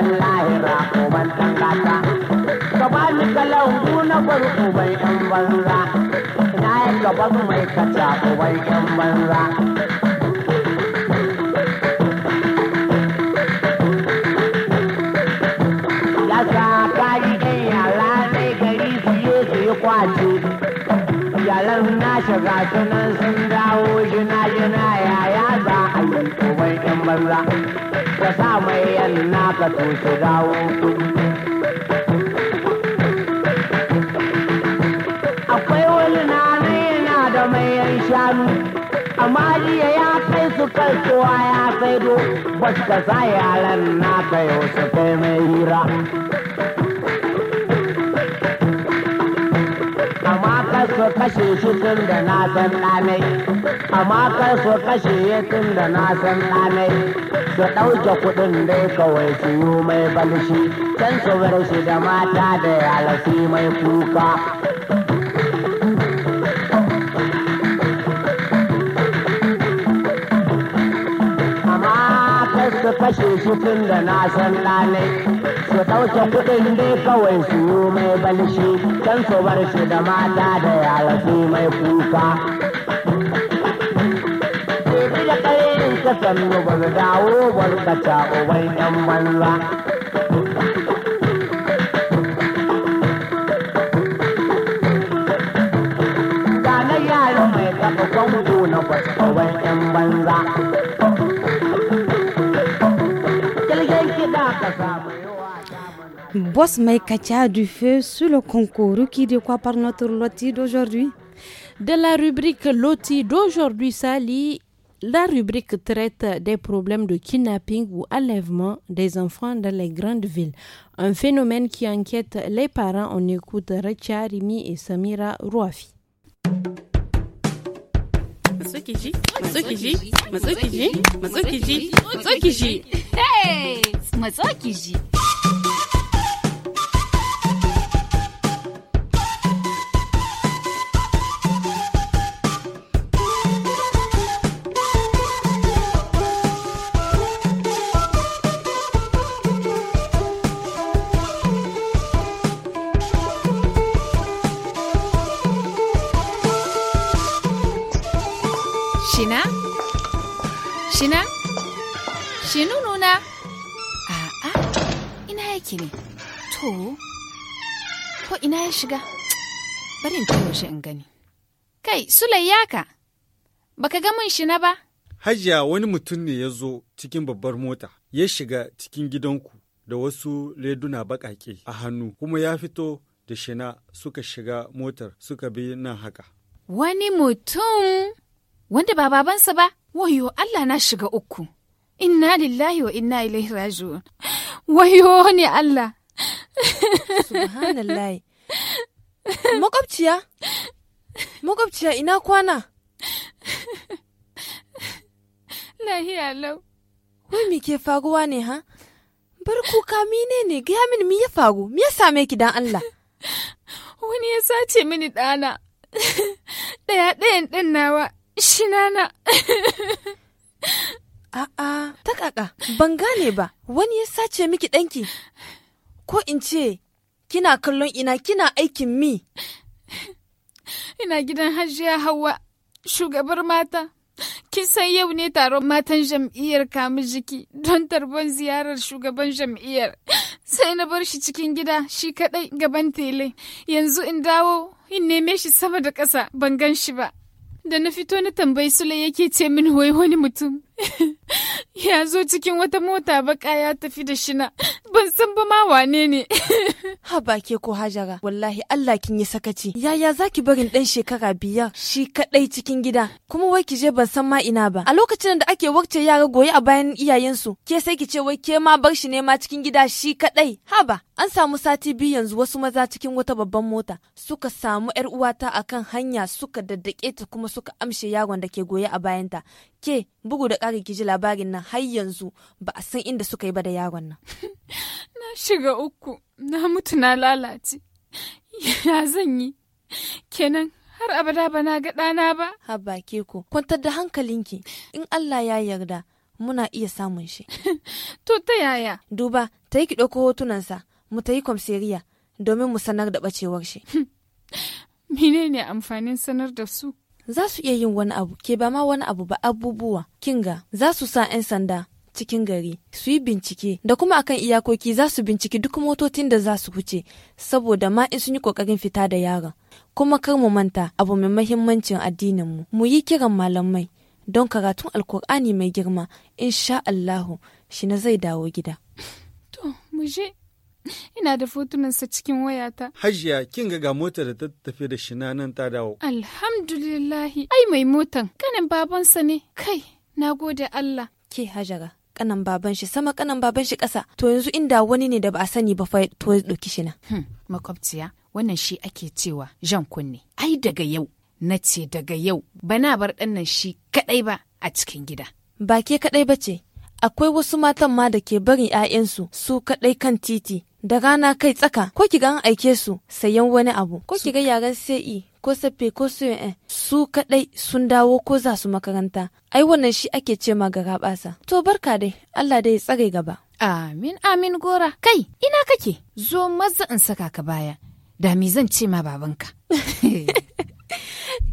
wallahi rakoban tangata ka ba ni kalangu na bar uban yan banza na yi gaban mai kaca uban yan banza Yasa kaji ɗan yara ne gari fiye su yi kwace yaran na shiga sunan sun dawo jina jina ya za a yi uban yan banza ka sa mai yan naka ka su dawo akwai wani nana yana da mai yan shanu amma jiya ya kai su kai kowa ya kai do wasu ka sa yaran naka yau su kai mai hira so kashe shi tun da na san amma kar so kashe tun da na san ɗanai su ɗauke kuɗin dai kawai su yi mai balshi can su shi da mata da yalasi mai kuka amma kar su kashe shi tun da na san lalai su ɗauke kuɗin dai kawai su yi mai balshi can su shi da mata da yalasi mai kuka suka sannu ba su dawo walkaca uban yan banza. Gane yaro mai kafa kwango na wasu uban yan banza. Kilgin kiɗa ka samu. Boss Maïkacha du feu sur le concours qui de quoi par notre loti d'aujourd'hui. De la rubrique loti d'aujourd'hui, Sali, la rubrique traite des problèmes de kidnapping ou enlèvement des enfants dans les grandes villes, un phénomène qui inquiète les parents. On écoute Racha, Rimi et Samira Rouafi. Shina? Shina? Shinununa? A'a, ina yake ne? To, ko ina ya shiga? Bari in shi in gani. Kai, Sulayyaka, baka ga mun shina ba? Hajiya wani mutum ne ya zo cikin babbar mota, ya shiga cikin gidanku da wasu leduna baƙaƙe a hannu, kuma ya fito da shina suka shiga motar suka bi nan haka. Wani mutum? wanda ba babansa ba wayo Allah na shiga uku inna lillahi wa inna ilaihi raji'un wayo ne Allah subhanallahi makwabciya makwabciya ina kwana lahiya lau wai me ke faguwa ne ha bar kuka mine ne gaya min me ya fagu me ya same ki dan Allah wani ya sace mini ɗana ɗaya ɗayan ɗin nawa Shinana. A'a, ta kaka, ban gane ba, wani ya sace miki ɗanki. Ko in ce, kina kallon ina kina aikin mi. Ina gidan hajiya Hauwa, shugabar mata. Kin san yau ne taron matan jam'iyyar kamun jiki don tarbon ziyarar shugaban jam'iyyar. Sai na bar shi cikin gida shi kaɗai gaban tele. Yanzu in dawo in neme shi sama da ƙasa ban gan shi ba. Da na fito na tambayi Sule yake ce min wai wani mutum. ya zo cikin wata mota baka ya tafi da shina ban san ba ma wane ne ha ke ko hajara wallahi Allah kin yi sakaci yaya zaki barin dan shekara biyar shi kaɗai cikin gida kuma wai ki je ban san ma ina ba a lokacin da ake wacce yara goyi a bayan iyayensu ke sai ki ce wai ke ma bar shi ne ma cikin gida shi kaɗai ha an samu sati biyu yanzu wasu maza cikin wata babban mota suka samu yar uwata a kan hanya suka daddake ta kuma suka amshe yaron da ke goye a bayanta ke bugu da ƙari ki ji labarin nan har yanzu ba a san inda suka yi ba da yaron nan. na shiga uku, na mutu na lalace. Ya zan yi? Kenan har abada ba na ga ɗana ba. Haba ke ko, kwantar da hankalinki in Allah ya yarda muna iya samun shi. to ta yaya? Duba, ta yi ki ɗauko hotunansa, mu ta yi kwamseriya domin mu sanar da ɓacewar shi. Menene amfanin sanar da su? za su iya yin wani abu ke ba ma wani abu ba abubuwa kinga za su sa 'yan sanda cikin gari su yi bincike da kuma akan iyakoki za su binciki duk motocin da za su wuce saboda ma in sun yi kokarin fita da yaron kuma kar mu manta abu mai mahimmancin addininmu mu yi kiran malamai don karatun alkur'ani mai girma insha Allahu shi na zai dawo gida to mu je Ina da fotunansa cikin wayata. Hajiya, kin ga ga motar da ta tafi da shi nan ta dawo. Alhamdulillahi, ai mai motan, kanin babansa ne. Kai, na gode Allah. Ke Hajara, kanan baban shi sama kanan baban shi ƙasa. To yanzu inda wani ne da ba a sani ba fa to ɗauki shi na. Hmm, makwabciya, wannan shi ake cewa jan kunne. Ai daga yau, na ce daga yau, bana bar ɗan nan shi kaɗai ba a cikin gida. Ba ke kaɗai ba ce, akwai wasu matan ma da ke barin 'ya'yansu su kaɗai kan titi da rana kai tsaka ko ki an aike su sayan wani abu ko ki ga yaran sai e ko safe ko eh su kadai sun dawo ko za su makaranta ai wannan shi ake ce ma ga gabasa to barka dai Allah dai ya tsare gaba amin amin gora kai ina kake zo maza in saka ka baya da mi zan ce ma babanka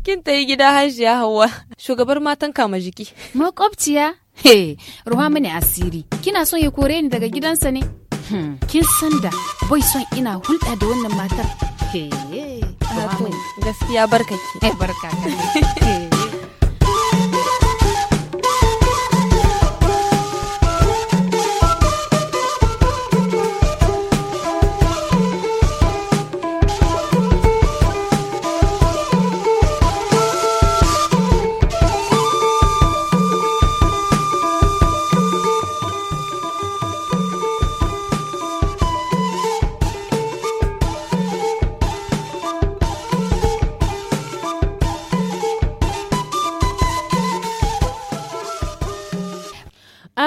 kin ta yi gida hajiya hawa shugabar matan kama jiki makwabciya he ruwa mini asiri kina son ya kore ni daga gidansa ne Hmm. kin san da bai son ina hulɗa da wannan matar ah, gaskiya barka ke eh, barka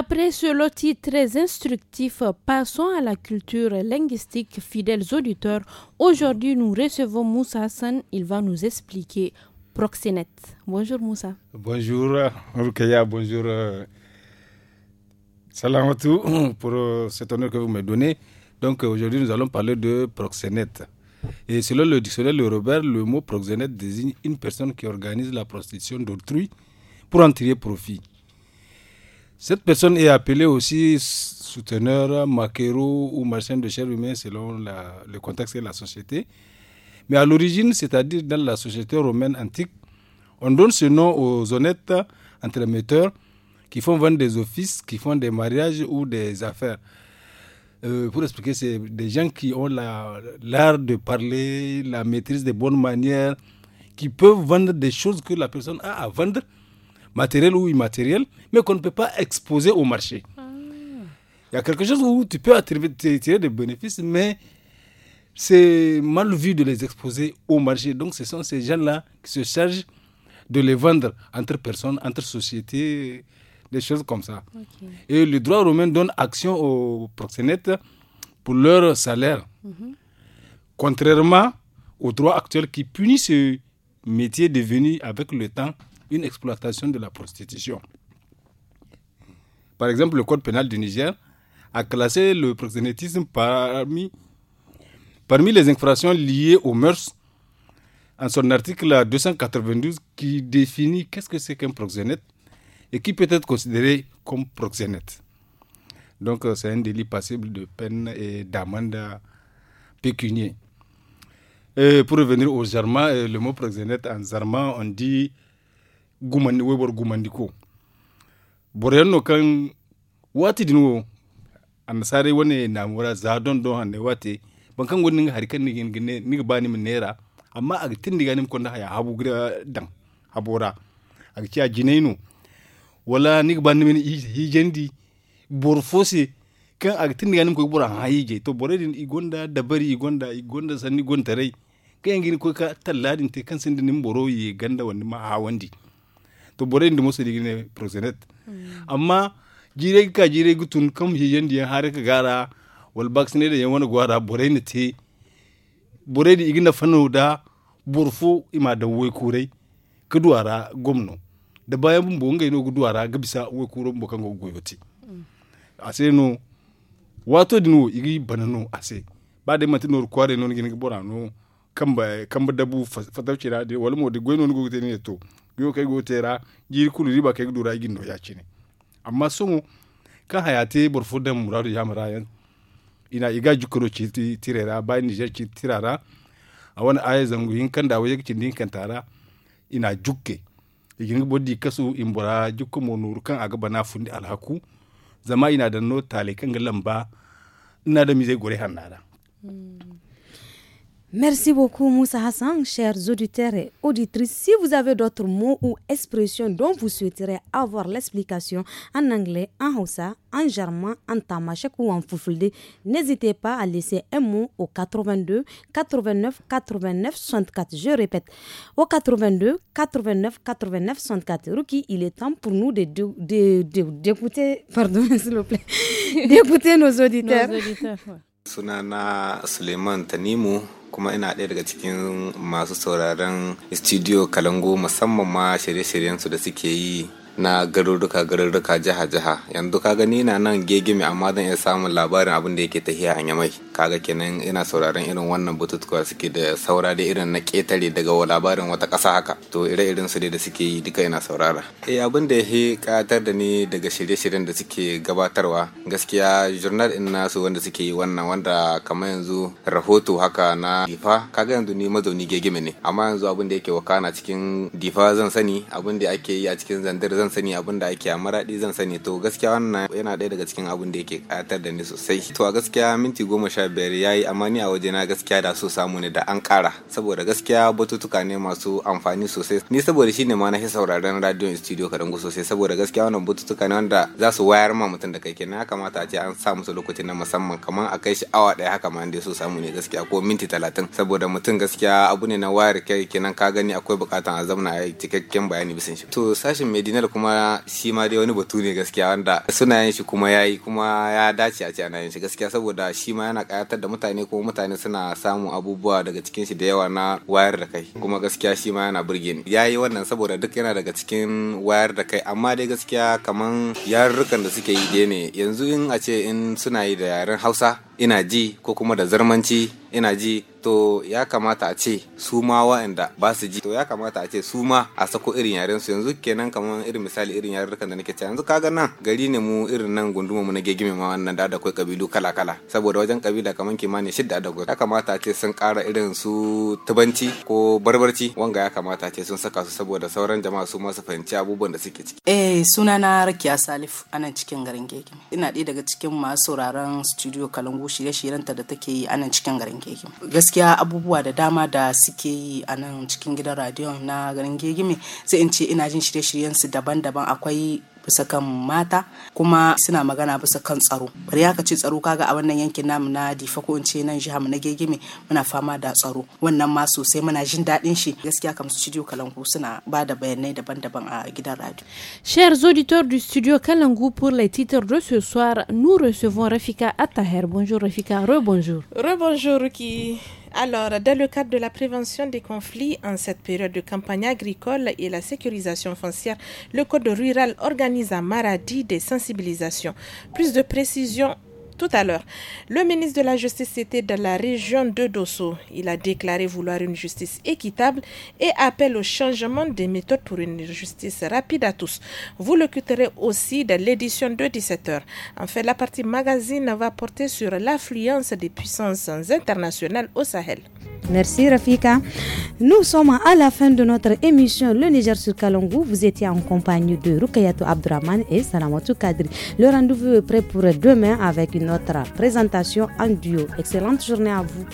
Après ce loti très instructif, passons à la culture linguistique. Fidèles auditeurs, aujourd'hui nous recevons Moussa Hassan. Il va nous expliquer proxénète. Bonjour Moussa. Bonjour Rukaya, bonjour euh, Salam pour euh, cet honneur que vous me donnez. Donc euh, aujourd'hui nous allons parler de proxénète. Et selon le dictionnaire Le Robert, le mot proxénète désigne une personne qui organise la prostitution d'autrui pour en tirer profit. Cette personne est appelée aussi souteneur, maquereau ou machin de chair humaine selon le contexte et la société. Mais à l'origine, c'est-à-dire dans la société romaine antique, on donne ce nom aux honnêtes entremetteurs qui font vendre des offices, qui font des mariages ou des affaires. Euh, pour expliquer, c'est des gens qui ont l'art de parler, la maîtrise des bonnes manières, qui peuvent vendre des choses que la personne a à vendre, matériel ou immatériel, mais qu'on ne peut pas exposer au marché. Il y a quelque chose où tu peux tirer des bénéfices, mais c'est mal vu de les exposer au marché. Donc ce sont ces gens-là qui se chargent de les vendre entre personnes, entre sociétés, des choses comme ça. Et le droit romain donne action aux proxénètes pour leur salaire. Mhm. Contrairement au droit actuel qui punit ce métier devenu avec le temps une exploitation de la prostitution. Par exemple, le Code pénal du Niger a classé le proxénétisme parmi, parmi les infractions liées aux mœurs en son article 292 qui définit qu'est-ce que c'est qu'un proxénète et qui peut être considéré comme proxénète. Donc euh, c'est un délit passible de peine et d'amende pécuniaire. pour revenir au zarma, euh, le mot proxénète en zarma, on dit gumandi webor gumandi ko boryanno kan wati dinwo annasare wone namura za don don hande wate bankan gon ninga harikan ni ginne ni bani min nera amma ag tindi ganim kon haya habu gira dan habora ag a jineinu wala ni bani min jendi bor fosi kan ag tindi ganim ko bora hayije to i igonda dabari igonda igonda sanni gontare kan ngin ko ka talladin te kan sindin boro yi ganda wani ma ha wandi to bore inda musu ne prosenet amma jire ka jire gutun kam hijen diyan har ka gara wal baksine da yewon gwara bore ne te bore di igina fano da burfu ima da wai kurai ka duwara gwamno da bayan bumbu wanga ino ga duwara ga bisa wai kurai mbo kan goyoti ase no wato dinu igi banano ase ba da mata nor kware non gina gbora no kamba kamba dabu fatawci da walmo mo de goyno gogote gutene to yo kai go jiri kulu riba kai dura igin do cini amma songo kan hayate bor fodan muradu jamara yan ina iga jukuru ci tirera bayan niger ci tirara a wani aya zangu hin kan da waje ci din kan tara ina jukke igin boddi kasu imbora jukku mo nur kan aga bana fundi alhaku zama ina da no tale kan lamba ina da mi zai gore hannara hmm. Merci beaucoup Moussa Hassan, chers auditeurs et auditrices. Si vous avez d'autres mots ou expressions dont vous souhaiterez avoir l'explication en anglais, en haussa, en germain, en tamashek ou en fulfulde, n'hésitez pas à laisser un mot au 82 89 89 64. Je répète, au 82 89 89 64. Ruki, il est temps pour nous d'écouter, de, pardon s'il vous plaît, d'écouter nos auditeurs. Nos auditeurs kuma ina ɗaya daga cikin masu sauraron studio kalango musamman ma shirye-shiryensu da suke yi na garuruka garuruka jiha jiha yanzu kaga ni na nan gegime amma zan iya samun labarin abin da yake tahiya a yamai kaga kenan ina sauraron irin wannan bututuwa suke da saura da irin na ketare daga labarin wata ƙasa haka to ire irin su da suke yi duka ina saurara eh abin da ya katar da ni daga shirye-shiryen da suke gabatarwa gaskiya journal din nasu wanda suke yi wannan wanda kamar yanzu rahoto haka na difa kaga yanzu ni mazauni gegime ne amma yanzu abin da yake wakana cikin difa zan sani abin da ake yi a cikin zandar zan sani abin da ake a maraɗi zan sani to gaskiya wannan yana ɗaya daga cikin abin da yake ƙatar da ni sosai to a gaskiya minti goma sha biyar ya yi amma ni a waje na gaskiya da so samu ne da an ƙara saboda gaskiya batutuka ne masu amfani sosai ni saboda shine ma na fi sauraron radio studio kadangu sosai saboda gaskiya wannan batutuka ne wanda za su wayar ma mutum da kai kenan ya kamata a ce an sa musu lokaci na musamman kamar a kai shi awa ɗaya haka ma inda so samu ne gaskiya ko minti talatin saboda mutum gaskiya abu ne na wayar kai kenan ka gani akwai bukatan a zamana a yi cikakken bayani bisa shi to sashin medinal kuma shi ma dai wani batu ne gaskiya wanda sunayen shi kuma yayi kuma ya dace a ce ana yin shi gaskiya saboda shi ma yana kayatar da mutane kuma mutane suna samun abubuwa daga cikin shi da yawa na wayar da kai kuma gaskiya shi ma yana burge ni yayi wannan saboda duk yana daga cikin wayar da kai amma dai gaskiya kaman yarurrukan da suke yi dai ne yanzu in a ce in suna yi da yaren Hausa ina ji ko kuma da zarmanci ina ji to ya kamata a ce su ma wa'anda ba su ji to ya kamata a ce su ma a sako irin yaren su yanzu kenan kamar irin misali irin yarurrukan da nake cewa yanzu kaga nan gari ne mu irin nan gunduma mu na gegime ma wannan da akwai kabilu kala kala saboda wajen kabila kamar kimanin shidda da ya kamata a ce sun kara irin su tubanci ko barbarci wanga ya kamata a ce sun saka su saboda sauran jama'a su ma su fahimci abubuwan da suke ciki eh suna na Rakiya Salif anan cikin garin gegime ina ɗaya daga cikin masu sauraron studio Kalangu shirye ta da take yi anan cikin garin gaskiya abubuwa da dama da suke yi a nan cikin gidan radiyon na garin gegime sai in ce ina jin shirye-shiryen su daban-daban akwai bisa kan mata kuma suna magana bisa kan tsaro bari haka ce tsaro kaga a wannan yankin namu na difa ko in ce nan jiha mu na gegeme muna fama da tsaro wannan ma sosai muna jin daɗin shi gaskiya kam studio kalangu suna ba da bayanai daban-daban a gidan radio chers auditeurs du studio kalangu pour les titres de ce soir nous recevons Rafika Attaher bonjour Rafika re bonjour. re bonjour qui Alors, dans le cadre de la prévention des conflits en cette période de campagne agricole et la sécurisation foncière, le Code rural organise un Maradi des sensibilisations. Plus de précisions tout à l'heure. Le ministre de la Justice était dans la région de Dosso. Il a déclaré vouloir une justice équitable et appelle au changement des méthodes pour une justice rapide à tous. Vous cuterez aussi dans l'édition de 17h. En fait, la partie magazine va porter sur l'affluence des puissances internationales au Sahel. Merci Rafika. Nous sommes à la fin de notre émission Le Niger sur Kalongo. Vous étiez en compagnie de Rukayato Abdurrahman et Salamatou Kadri. Le rendez-vous est prêt pour demain avec une présentation en duo. Excellente journée à vous.